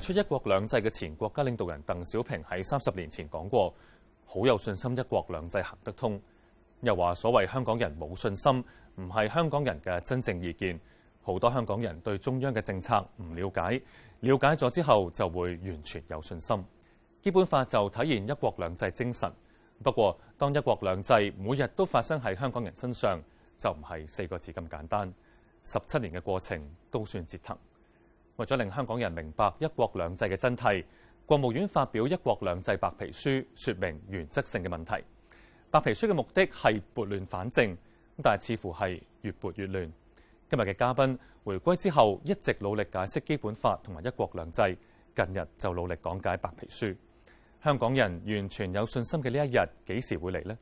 提出一國兩制嘅前國家領導人鄧小平喺三十年前講過，好有信心一國兩制行得通。又話所謂香港人冇信心，唔係香港人嘅真正意見，好多香港人對中央嘅政策唔了解，了解咗之後就會完全有信心。基本法就體現一國兩制精神。不過，當一國兩制每日都發生喺香港人身上，就唔係四個字咁簡單，十七年嘅過程都算折騰。為咗令香港人明白一國兩制嘅真諦，國務院發表《一國兩制白皮書》，說明原則性嘅問題。白皮書嘅目的係撥亂反正，但係似乎係越撥越亂。今日嘅嘉賓，回歸之後一直努力解釋基本法同埋一國兩制，近日就努力講解白皮書。香港人完全有信心嘅呢一日幾時會嚟呢？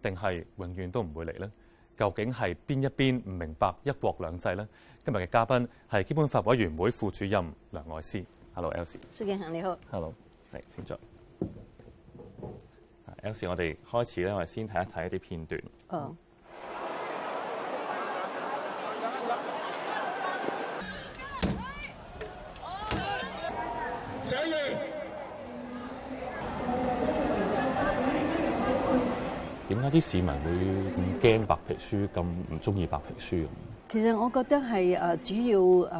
定係永遠都唔會嚟呢？究竟係邊一邊唔明白一國兩制咧？今日嘅嘉賓係基本法委員會副主任梁愛詩。Hello，Elsie。蘇建恒你好。Hello，嚟，請坐。Elsie，我哋開始咧，我哋先睇一睇一啲片段。嗯。Oh. 點解啲市民會咁驚白皮書咁唔中意白皮書咁？其實我覺得係誒主要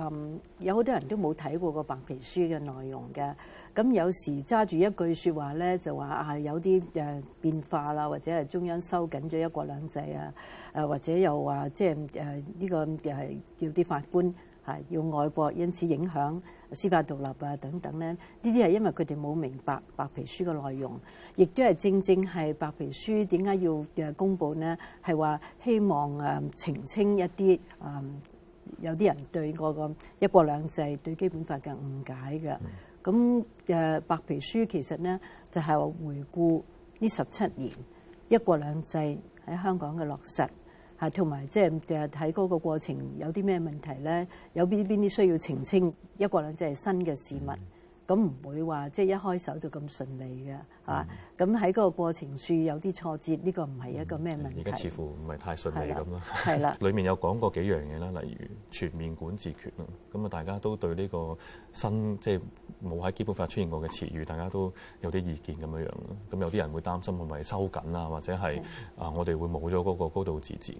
誒有好多人都冇睇過個白皮書嘅內容嘅。咁有時揸住一句説話咧，就話啊有啲誒變化啦，或者係中央收緊咗一國兩制啊，誒或者又話即係誒呢個係叫啲法官。係要外國，因此影響司法獨立啊等等咧，呢啲係因為佢哋冇明白白皮書嘅內容，亦都係正正係白皮書點解要誒公布呢？係話希望誒澄清一啲誒有啲人對嗰個一國兩制對基本法嘅誤解嘅。咁誒白皮書其實呢，就係話回顧呢十七年一國兩制喺香港嘅落實。嚇，同埋即係誒喺嗰個過程有啲咩問題咧？有邊邊啲需要澄清一個就是？一國兩制係新嘅事物，咁唔會話即係一開手就咁順利嘅。啊，咁喺嗰個過程處有啲挫折，呢、呢個唔係一個咩問題？而家似乎唔係太順利咁咯。係啦， 裡面有講過幾樣嘢啦，例如全面管治權啊，咁啊，大家都對呢個新即係冇喺基本法出現過嘅詞語，大家都有啲意見咁樣樣咯。咁有啲人會擔心係咪收緊啊，或者係的啊，我哋會冇咗嗰個高度自治？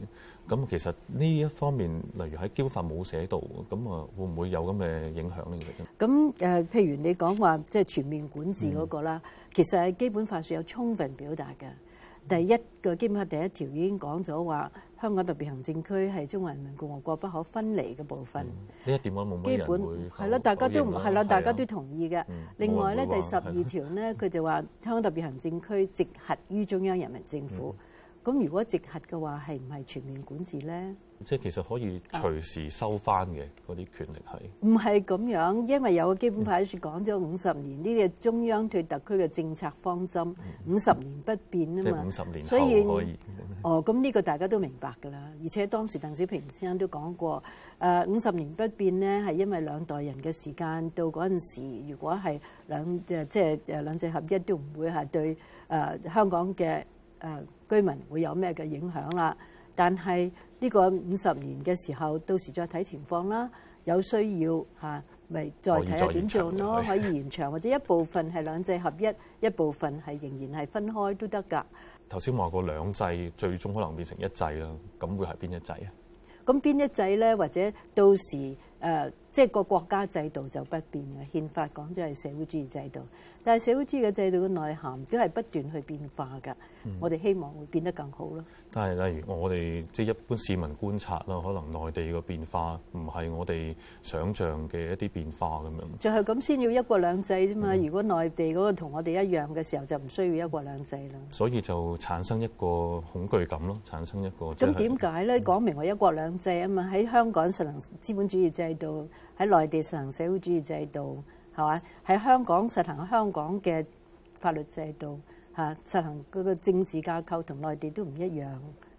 咁其實呢一方面，例如喺基本法冇寫到，咁啊，會唔會有咁嘅影響呢？其實咁誒，譬如你講話即係全面管治嗰、嗰個啦，嗯、其實基本法説有充分表達嘅，第一個基本法第一條已經講咗話，香港特別行政區係中華人民共和國不可分離嘅部分。呢、嗯、一點我冇乜人會，係咯基本，大家都唔係咯，的的大家都同意嘅。嗯、另外咧，第十二條咧，佢的就話香港特別行政區直轄於中央人民政府。咁、嗯、如果直轄嘅話，係唔係全面管治咧？即係其實可以隨時收翻嘅嗰啲權力係唔係咁樣？因為有個基本法係講咗，五十年，呢啲中央對特區嘅政策方針，五十年不變啊嘛，五十年後所以可以哦。咁呢個大家都明白㗎啦。而且當時鄧小平先生都講過誒五十年不變咧，係因為兩代人嘅時間，到嗰陣時，如果係兩誒即係誒兩制合一都唔會係對誒、呃、香港嘅誒、呃、居民會有咩嘅影響啦。但係。呢個五十年嘅時候，到時再睇情況啦。有需要吓，咪、啊、再睇下點做咯。可以延長， 或者一部分係兩制合一，一部分係仍然係分開都得㗎。頭先話過兩制最終可能變成一制啦，咁會係邊一制啊？咁邊一制咧？或者到時誒？呃即係個國家制度就不變嘅，憲法講就係社會主義制度，但係社會主義嘅制度嘅內涵都係不斷去變化㗎。嗯、我哋希望會變得更好咯。但係例如我哋即係一般市民觀察啦，可能內地嘅變化唔係我哋想像嘅一啲變化咁樣。就係咁先要一國兩制啫嘛。嗯、如果內地嗰個同我哋一樣嘅時候，就唔需要一國兩制啦。所以就產生一個恐懼感咯，產生一個。咁點解咧？講、嗯、明我一國兩制啊嘛。喺香港實行資本主義制度。喺內地實行社會主義制度，係嘛？喺香港實行香港嘅法律制度，嚇實行嗰個政治架構同內地都唔一樣，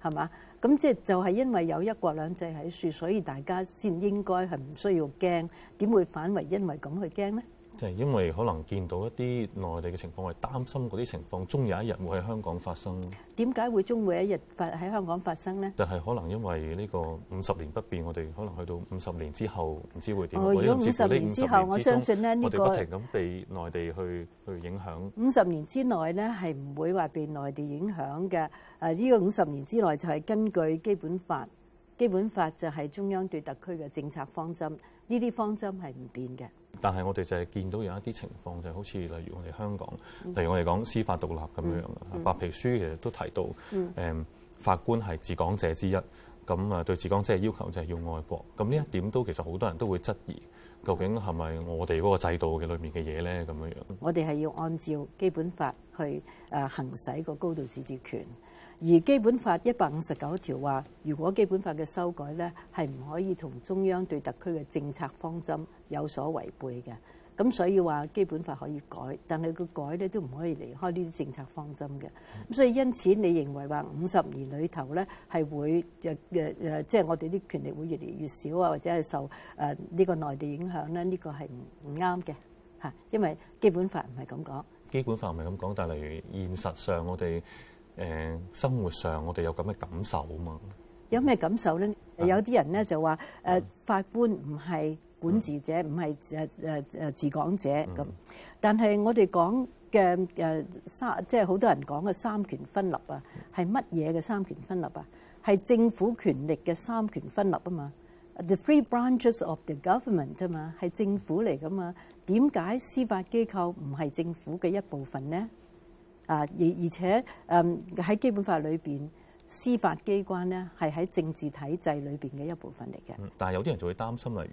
係嘛？咁即係就係因為有一國兩制喺度，所以大家先應該係唔需要驚，點會反為因為咁去驚呢？就係因為可能見到一啲內地嘅情況，我係擔心嗰啲情況終有一日會喺香港發生。點解會終會一日發喺香港發生咧？就係可能因為呢個五十年不變，我哋可能去到五十年之後唔知會點。哦，如果五十年之後，我相信咧呢個不停咁被內地去去影響。五十年之內咧係唔會話被內地影響嘅。誒，呢個五十年之內就係根據基本法。基本法就係中央對特區嘅政策方針，呢啲方針係唔變嘅。但係我哋就係見到有一啲情況，就係、好似例如我哋香港，例如我哋講司法獨立咁樣。白、嗯、皮書其實都提到，誒、嗯、法官係治港者之一，咁啊對治港者要求就係要愛國。咁呢一點都其實好多人都會質疑，究竟係咪我哋嗰個制度嘅裏面嘅嘢咧？咁樣樣。我哋係要按照基本法去誒行使個高度自治權。而基本法一百五十九條話，如果基本法嘅修改咧，係唔可以同中央對特區嘅政策方針有所違背嘅。咁所以話基本法可以改，但係個改咧都唔可以離開呢啲政策方針嘅。咁所以因此，你認為話五十年裏頭咧係會誒誒誒，即係我哋啲權力會越嚟越少啊，或者係受誒呢個內地影響咧？呢個係唔唔啱嘅嚇，因為基本法唔係咁講。基本法唔係咁講，但係例如現實上我哋。誒生活上我哋有咁嘅感受啊嘛。有受，有咩感受咧？有啲人咧就話，誒法官唔係管治者，唔係誒誒誒治港者咁。但係我哋講嘅誒三，即係好多人講嘅三權分立啊，係乜嘢嘅三權分立啊？係政府權力嘅三權分立啊嘛，the three branches of the government 啊嘛，係政府嚟噶嘛，點解司法機構唔係政府嘅一部分咧？啊！而而且誒喺、嗯、基本法裏邊，司法機關咧係喺政治體制裏邊嘅一部分嚟嘅、嗯。但係有啲人就會擔心，例如誒、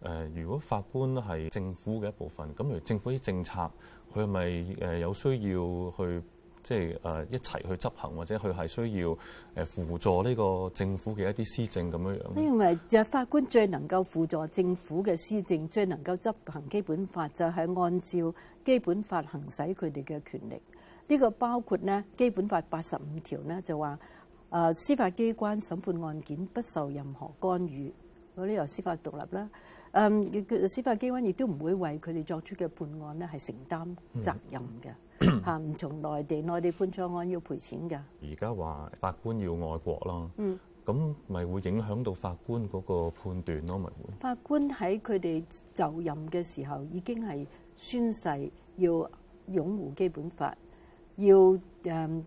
呃，如果法官係政府嘅一部分，咁如政府啲政策，佢係咪誒有需要去即係誒、呃、一齊去執行，或者佢係需要誒、呃、輔助呢個政府嘅一啲施政咁樣樣？我認為，其實法官最能夠輔助政府嘅施政，最能夠執行基本法，就係、是、按照基本法行使佢哋嘅權力。呢個包括咧《基本法》八十五條咧，就話誒司法機關審判案件不受任何干預，我呢由司法獨立啦。誒司法機關亦都唔會為佢哋作出嘅判案咧係承擔責任嘅，嚇唔從內地內地判錯案要賠錢㗎。而家話法官要愛國咯，嗯，咁咪會影響到法官嗰個判斷咯，咪會？法官喺佢哋就任嘅時候已經係宣誓要擁護基本法。要誒、嗯、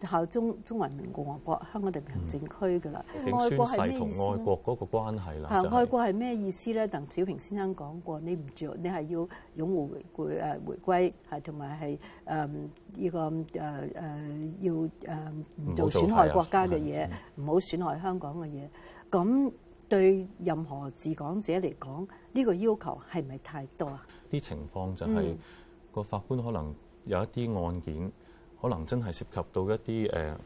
效忠中華人民共和國香港特別行政區嘅啦，嗯、外國愛國個關係咩、就是、意思？係愛國係咩意思咧？鄧小平先生講過，你唔著，你係要擁護誒回歸，係同埋係誒呢個誒誒、呃呃、要誒唔、呃、做損害國家嘅嘢，唔好、嗯嗯、損害香港嘅嘢。咁對任何治港者嚟講，呢、呢個要求係唔係太多啊？啲情況就係、是、個、嗯、法官可能有一啲案件。可能真係涉及到一啲誒、呃、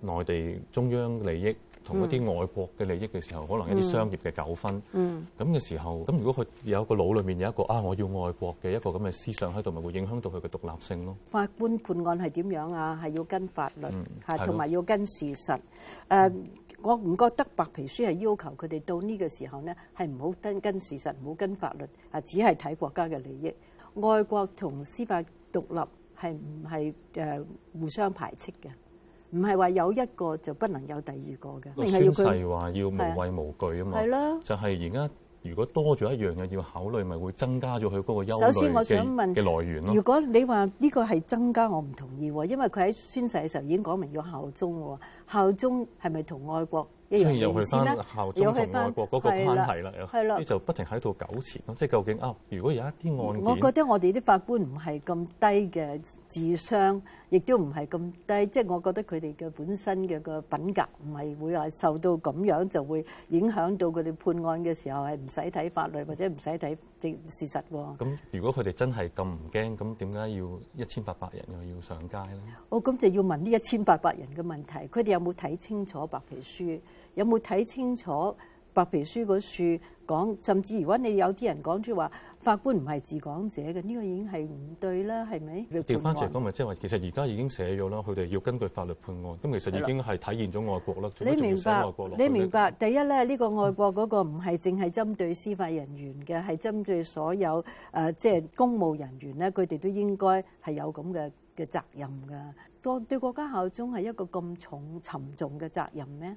內地中央利益同一啲外國嘅利益嘅時候，嗯、可能一啲商業嘅糾紛。嗯。咁、嗯、嘅時候，咁如果佢有個腦裏面有一個啊，我要愛國嘅一個咁嘅思想喺度，咪會影響到佢嘅獨立性咯。法官判案係點樣啊？係要跟法律嚇，同埋、嗯、要跟事實。誒、uh，我唔覺得德白皮書係要求佢哋到呢個時候咧，係唔好跟跟事實，唔好跟法律，啊，只係睇國家嘅利益、外國同司法獨立。係唔係誒互相排斥嘅？唔係話有一個就不能有第二個嘅，定係要佢宣誓話要無畏無懼吖嘛。係咯、啊，就係而家如果多咗一樣嘢，要考慮咪會增加咗佢嗰個憂慮。首先我想問嘅來源咯。如果你話呢個係增加，我唔同意，因為佢喺宣誓嘅時候已經講明要效忠喎，效忠係咪同愛國？所以又去翻校長同外國嗰個關係啦，又去，所以就不停喺度糾纏咯。即係究竟啊，如果有一啲案件，我覺得我哋啲法官唔係咁低嘅智商。亦都唔係咁低，即係我覺得佢哋嘅本身嘅個品格唔係會話受到咁樣就會影響到佢哋，判案嘅時候係唔使睇法律或者唔使睇事實喎。咁如果佢哋真係咁唔驚，咁點解要一千八百人又要上街咧？哦，咁就要問呢一千八百人嘅問題，佢哋有冇睇清楚白皮書，有冇睇清楚？白皮書嗰處講，甚至如果你有啲人講出話法官唔係治港者嘅，呢個已經係唔對啦，係咪？調翻轉講咪即係話，其實而家已經寫咗啦，佢哋要根據法律判案，咁其實已經係體現咗愛國啦。的愛國你明白？你明白？第一咧，呢個愛國嗰個唔係淨係針對司法人員嘅，係針對所有誒即係公務人員咧，佢哋都應該係有咁嘅嘅責任㗎。國對國家效忠係一個咁重沉重嘅責任咩？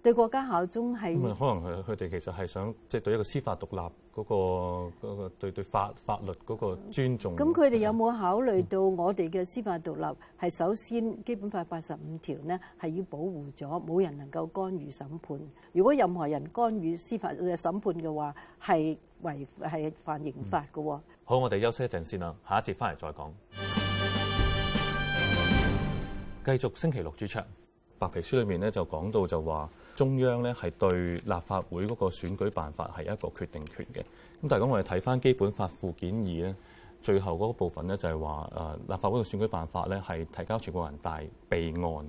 對國家效忠係、嗯，可能佢佢哋其實係想，即係對一個司法獨立嗰個、嗰個對、對法法律嗰個尊重。咁佢哋有冇考慮到我哋嘅司法獨立係首先基本法八十五條呢，係要保護咗，冇人能夠干預審判。如果任何人干預司法審判嘅話，係違係犯刑法嘅、嗯。好，我哋休息一陣先啦，下一節翻嚟再講。繼續星期六主場白皮書裏面咧就講到就話。中央咧係對立法會嗰個選舉辦法係一個決定權嘅。咁但係講我哋睇翻基本法附件二咧，最後嗰部分咧就係話誒立法會嘅選舉辦法咧係提交全國人大備案。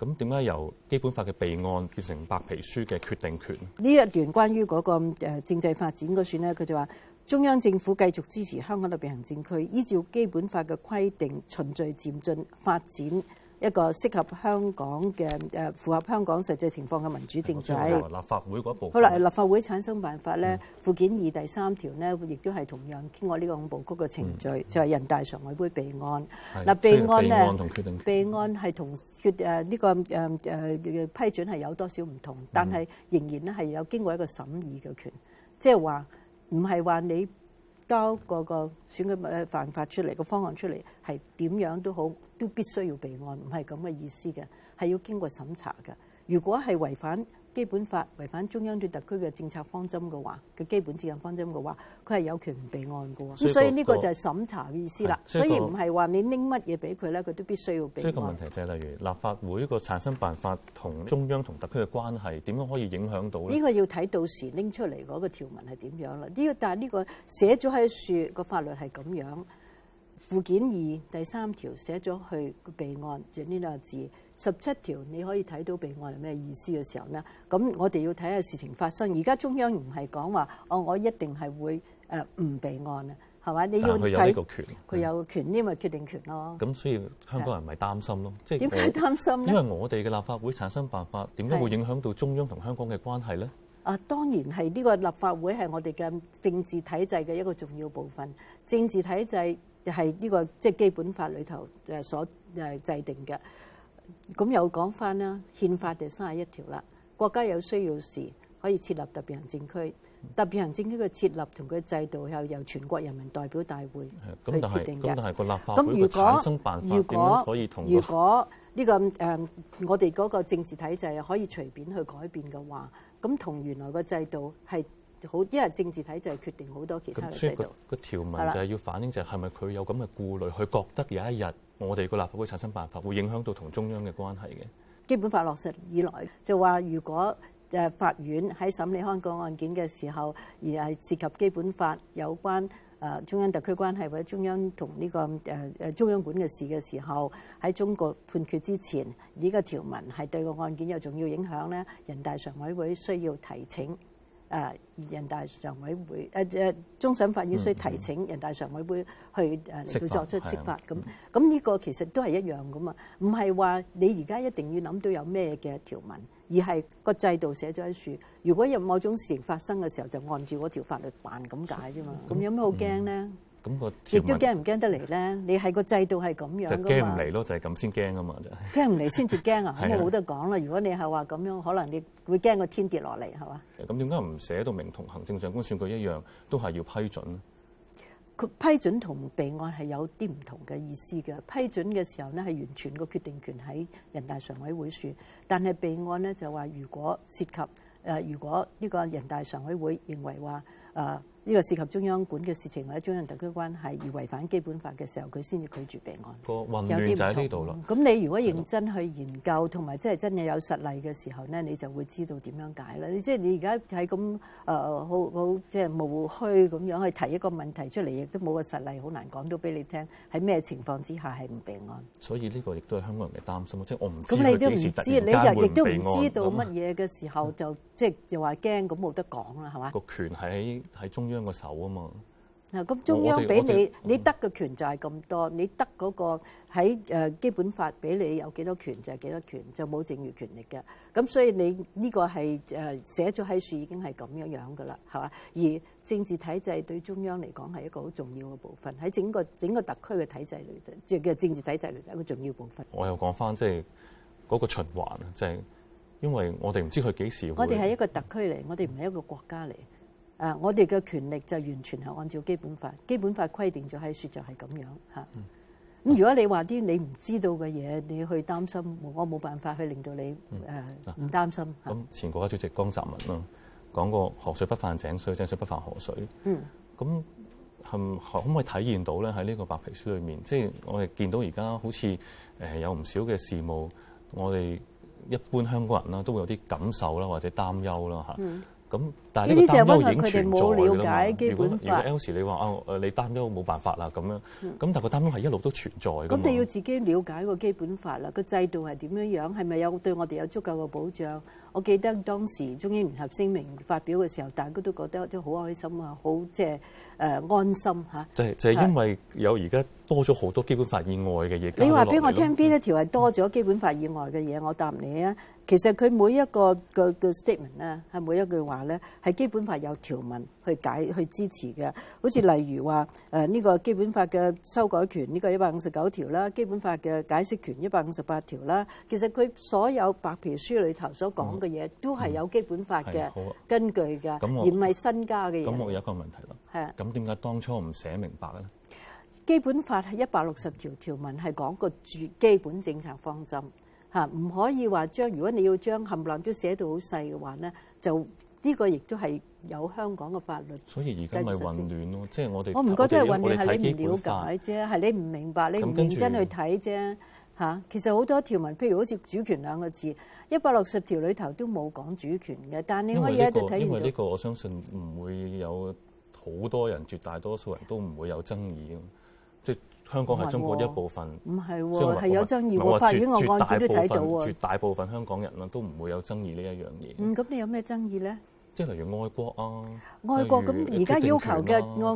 咁點解由基本法嘅備案變成白皮書嘅決定權？呢一段關於嗰個政制發展嗰段咧，佢就話中央政府繼續支持香港特別行政區，依照基本法嘅規定循序漸進發展，一個適合香港嘅誒、啊，符合香港實際情況嘅民主政制。後立法會嗰一步。好啦，立法會產生辦法咧，嗯、附件二第三條咧，亦都係同樣經過呢個五步曲嘅程序，嗯嗯、就係人大常委會備案。嗱備是、啊、案咧，備案係同決誒呢、這個誒誒、呃、批准係有多少唔同，但係仍然咧係有經過一個審議嘅權，即係話唔係話你，交嗰個選舉辦法出嚟，個方案出嚟係點樣都好，都必須要備案，唔係咁嘅意思嘅，係要經過審查嘅。如果係違反基本法違反中央對特區嘅政策方針嘅話，佢基本指引方針嘅話，佢係有權唔備案嘅。咁所以呢、呢個、個就係審查嘅意思啦。所以唔係話你拎乜嘢俾佢咧，佢都必須要備案。所以個問題就係，例如立法會個產生辦法同中央同特區嘅關係，點樣可以影響到咧？呢個要睇到時拎出嚟嗰個條文係點樣啦。呢、呢個，但係呢個寫咗喺書個法律係咁樣的。附件二第三條寫咗去個備案，就呢、是、兩個字。十七條你可以睇到備案係咩意思嘅時候呢？咁我哋要睇下事情發生。而家中央唔係講話哦，我一定係會誒唔備案啊，係嘛？你要佢有呢個權，佢有權呢，咪是決定權咯。咁所以香港人咪擔心咯，是即係點解擔心？因為我哋嘅立法會產生辦法點解會影響到中央同香港嘅關係呢？啊，當然係呢個立法會係我哋嘅政治體制嘅一個重要部分，政治體制。就係呢個即係基本法裏頭誒所誒制定嘅。咁又講翻啦，憲法第三十一條啦，國家有需要時可以設立特別行政區。特別行政區嘅設立同佢制度又由全國人民代表大會係咁決定，但係咁但立法如果產生辦法點樣可以同如果呢、呢個誒、uh, 我哋嗰個政治體制可以隨便去改變嘅話，咁同原來個制度係。好，因為政治體制係決定好多其他嘅嘢。咁所以個條文就係要反映，就係係咪佢有咁嘅顧慮，佢是的 覺得有一日我哋個立法會產生辦法，會影響到同中央嘅關係嘅。基本法落實以來，就話如果誒法院喺審理香港案件嘅時候，而係涉及基本法有關誒中央特區關係或者中央同呢個誒誒中央管嘅事嘅時候，喺中國判決之前，呢個條文係對個案件有重要影響咧，人大常委會需要提請。誒、啊、人大常委會，誒、啊、終審法院需提請人大常委會去誒嚟到作出釋法咁咁呢個其實都係一樣噶嘛，唔係話你而家一定要諗到有咩嘅條文，而係個制度寫咗喺書，如果有某種事情發生嘅時候，就按住嗰條法律辦咁解啫嘛，咁有咩好驚咧？咁個亦都驚唔驚得嚟咧？你係個制度係咁樣就，就驚唔嚟咯，就係咁先驚啊嘛！ 就係驚唔嚟先至驚啊，我冇得講啦。如果你係話咁樣，可能你會驚個天跌落嚟，係嘛？咁點解唔寫到明同行政長官選舉一樣，都係要批准咧？佢批准同備案係有啲唔同嘅意思嘅。批准嘅時候咧，係完全個決定權喺人大常委會處，但係備案咧就話，如果涉及誒、呃，如果呢個人大常委會認為話誒、呃呢個涉及中央管嘅事情或者中央特區關係而違反基本法嘅時候，佢先要拒絕備案。個混亂就喺呢度啦。咁你如果認真去研究同埋即係真係有實例嘅時候咧，你就會知道點樣解啦。你即係你而家喺咁誒好好即係無虛咁樣去提一個問題出嚟，亦都冇個實例，好難講到俾你聽喺咩情況之下係唔備案。所以呢個亦都係香港人嘅擔心，即係我唔知咁你都唔知，你又亦都唔知道乜嘢嘅時候就即係又話驚，咁冇得講啦，係嘛？個權喺喺中央。張個手啊嘛！嗱，咁中央俾你，你得嘅權就係咁多，你得嗰個喺誒基本法俾你有幾多權就係幾多權，就冇剩餘權力嘅。咁所以你呢個係誒寫咗喺書已經係咁樣樣嘅啦，係嘛？而政治體制對中央嚟講係一個好重要嘅部分，喺整個整個特區嘅體制裏即係嘅政治體制裏係一個重要部分。我又講翻即係嗰個循環啊，即係因為我哋唔知佢幾時會。我哋係一個特區嚟，我哋唔係一個國家嚟。誒，uh, 我哋嘅權力就完全係按照基本法，基本法規定咗喺説就係咁樣嚇。咁、嗯、如果你話啲你唔知道嘅嘢，你去擔心，我冇辦法去令到你誒唔擔心。咁前國家主席江澤民咯講過，河水不犯井水，井水不犯河水。嗯。咁係可唔可以體現到咧？喺呢個白皮書裏面，即係我哋見到而家好似誒有唔少嘅事務，我哋一般香港人啦都會有啲感受啦，或者擔憂啦嚇。咁，但係呢啲單都影存在㗎啦嘛。如果如果 L 氏你話啊，誒、哦、你擔憂冇辦法啦咁樣咁，但係個擔憂係一路都存在。咁你、嗯、要自己了解個基本法啦，個制度係點樣樣，係咪有對我哋有足夠嘅保障？我記得當時中英聯合聲明發表嘅時候，大家都覺得都好開心啊，好即係誒安心嚇。就係就係因為有而家多咗好多基本法以外嘅嘢。你話俾我聽邊一條係多咗基本法以外嘅嘢？我答你啊，其實佢每一個個 statement 咧，係每一句話咧，係基本法有條文。去解去支持嘅，好似例如話，誒、這、呢個基本法嘅修改權，呢、這個一百五十九條啦，基本法嘅解釋權一百五十八條啦，其實佢所有白皮書裏頭所講嘅嘢，嗯、都係有基本法嘅根據嘅，嗯啊、而唔係身家嘅嘢。咁我，我有一個問題啦。係啊。咁點解當初唔寫明白咧？基本法係一百六十條條文係講個主基本政策方針，嚇，唔可以話將，如果你要將冚唪唥都寫到好細嘅話咧，就。呢個亦都係有香港嘅法律，所以而家咪混亂咯。即係我哋我唔覺得係混亂，係你唔了解啫，係你唔明白，你唔認真去睇啫。嚇，其實好多條文，譬如好似主權兩個字，一百六十條裏頭都冇講主權嘅，但你可以喺度睇，因為呢個我相信唔會有好多人，絕大多數人都唔會有爭議。香港係中國一部分，唔係喎，係、啊、有爭議喎、啊。法院我案件都睇到喎。絕大，絕大部分香港人啊都唔會有爭議呢一樣嘢。嗯，咁你有咩爭議咧？即係例如愛國啊。愛國咁而家要求嘅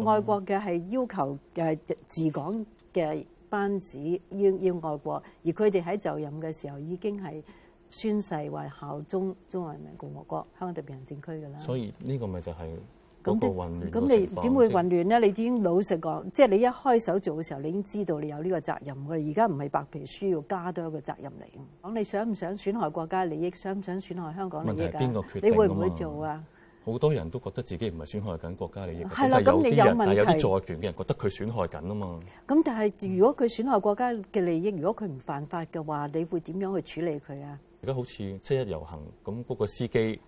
愛愛國嘅係要求嘅治港嘅班子要要愛國，而佢哋喺就任嘅時候已經係宣誓為效忠中華人民共和國，國香港特別行政區㗎啦。所以呢個咪就係、是。咁點？咁你點會混亂咧？即你已經老實講，即、就、係、是、你一開手做嘅時候，你已經知道你有呢個責任㗎喇。而家唔係白皮書要加多一個責任嚟。咁你想唔想損害國家利益？想唔想損害香港利益？問題邊個決定㗎嘛？你會唔會做啊？好多人都覺得自己唔係損害緊國家利益。係啦的，咁你有問題，有啲在權嘅人覺得佢損害緊啊嘛。咁但係如果佢損害國家嘅利益，嗯、如果佢唔犯法嘅話，你會點樣去處理佢啊？而家好似七一遊行咁，嗰、嗰個司機。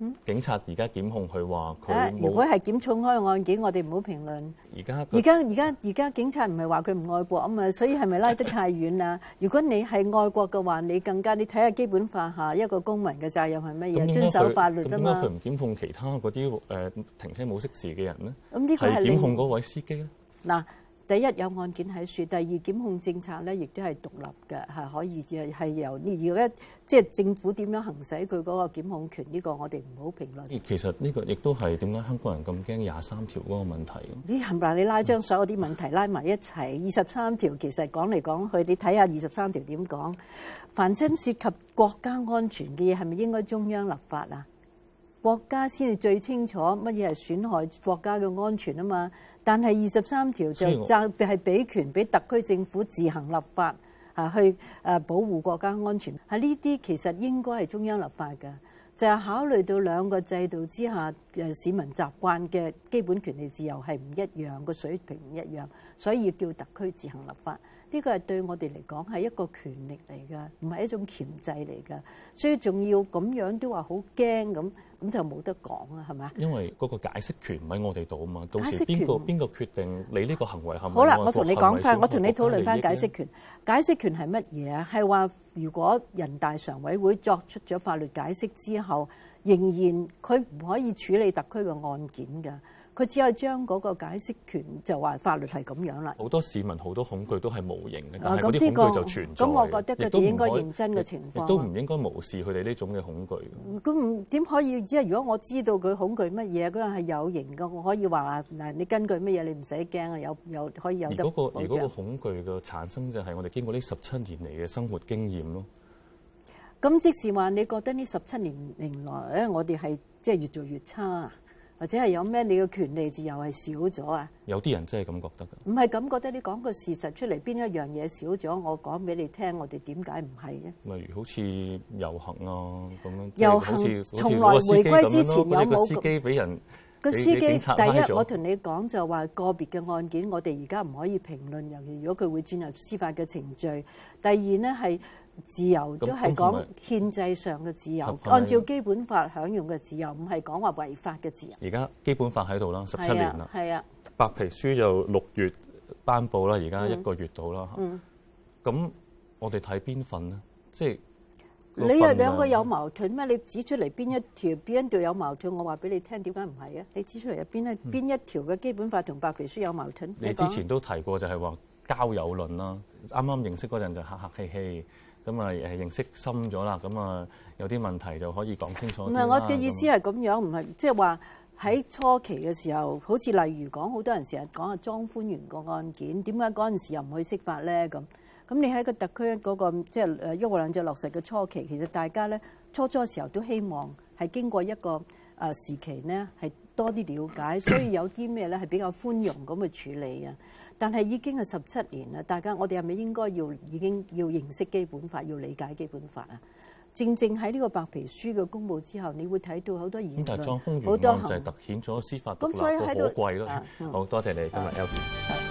嗯、警察而家檢控佢話佢冇，如果係檢重開案件，我哋唔好評論。而家而家而家而家警察唔係話佢唔愛國啊嘛，所以係咪拉得太遠啦？ 如果你係愛國嘅話，你更加你睇下基本法下一個公民嘅責任係乜嘢？遵守法律啊嘛。咁解佢唔檢控其他嗰啲誒停車冇熄匙嘅人咧？咁呢個係檢控嗰位司機咧？嗱、啊。第一有案件喺書，第二檢控政策咧亦都係獨立嘅，係可以係由呢而家即係政府點樣行使佢嗰個檢控權呢個，我哋唔好評論。其實呢個亦都係點解香港人咁驚廿三條嗰個問題？咦，嗱你拉埋所有啲問題拉埋一齊，二十三條其實講嚟講去，你睇下二十三條點講？凡親涉及國家安全嘅嘢，係咪應該中央立法啊？國家先至最清楚乜嘢係損害國家嘅安全啊嘛？但係二十三條就就係俾權俾特區政府自行立法去保護國家安全。喺呢啲其實應該係中央立法㗎，就係考慮到兩個制度之下市民習慣嘅基本權利自由係唔一樣，個水平唔一樣，所以要叫特區自行立法。呢個係對我哋嚟講係一個權力嚟噶，唔係一種鉗制嚟噶，所以仲要咁樣都話好驚咁，咁就冇得講啊，係嘛？因為嗰個解釋權唔喺我哋度啊嘛，到時邊個邊個決定你呢個行為係咪？好啦，我同你講翻，我同你討論翻解釋權。解釋權係乜嘢啊？係話如果人大常委會作出咗法律解釋之後，仍然佢唔可以處理特區嘅案件㗎。佢只係將嗰個解釋權就話法律係咁樣啦。好多市民好多恐懼都係無形嘅，但係啲恐懼就存在。我覺得佢應該認真嘅情況，亦都唔應該無視佢哋呢種嘅恐懼。咁點可以？因為如果我知道佢恐懼乜嘢，嗰樣係有形嘅，我可以話嗱，你根據乜嘢你唔使驚啊？有有可以有得保障。而嗰個、而嗰個恐懼嘅產生就係我哋經過呢十七年嚟嘅生活經驗咯。咁即是話，你覺得呢十七年來咧，我哋係即係越做越差。或者係有咩你嘅權利自由係少咗啊？有啲人真係咁覺得㗎。唔係咁覺得，你講個事實出嚟，邊一樣嘢少咗？我講俾你聽，我哋點解唔係嘅？例如好似遊行啊，咁樣，遊行從來回歸之前有冇？司機個司機俾人俾警察第一，我同你講就話個別嘅案件，我哋而家唔可以評論，尤其如果佢會進入司法嘅程序。第二咧係。自由都係講憲制上嘅自由，係按照基本法享用嘅自由，唔係講話違法嘅自由。而家基本法喺度啦，十七年啦，啊啊、白皮書就六月頒布啦，而家一個月到啦。咁、嗯、我哋睇邊份咧？即係你有兩個有矛盾咩？你指出嚟邊一條、邊一條有矛盾，我話俾你聽，點解唔係啊？你指出嚟入邊咧，邊一條嘅基本法同白皮書有矛盾？你之前都提過就係話交友論啦，啱啱認識嗰陣就客客氣氣。咁啊，認識深咗啦，咁啊，有啲問題就可以講清楚。唔係，我嘅意思係咁樣，唔係即係話喺初期嘅時候，好似例如講，好多人成日講啊，莊寬源個案件點解嗰陣時又唔去釋法咧？咁咁你喺個特區嗰個即係誒一國兩制落實嘅初期，其實大家咧初初嘅時候都希望係經過一個誒時期咧，係多啲了解，所以有啲咩咧係比較寬容咁去處理啊。但係已經係十七年啦，大家我哋係咪應該要已經要認識基本法，要理解基本法啊？正正喺呢個白皮書嘅公布之後，你會睇到好多議論，好多就係突顯咗司法咁獨立嘅寶、嗯、貴咯。啊嗯、好多謝你、啊、今日、啊。